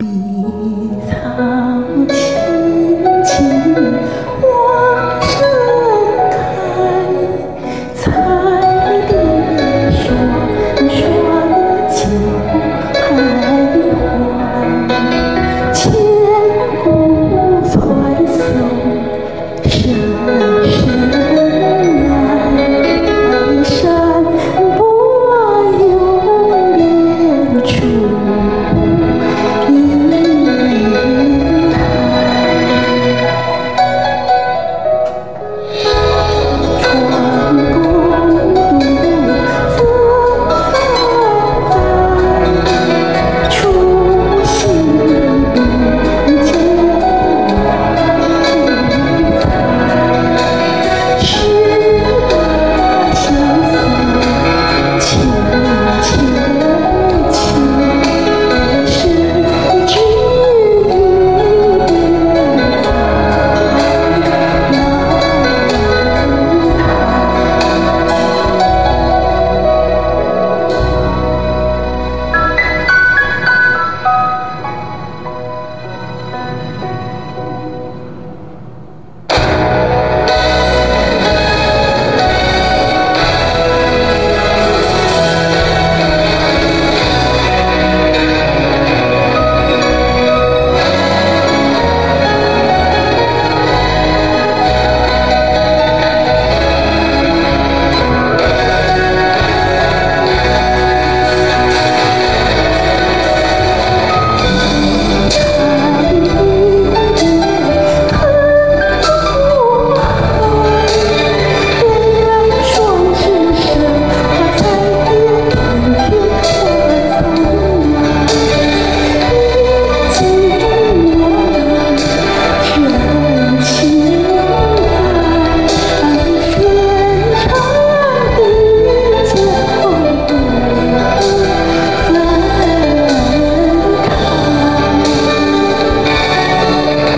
碧草青青，花盛開，彩蝶雙雙久徘徊，千古傳頌生。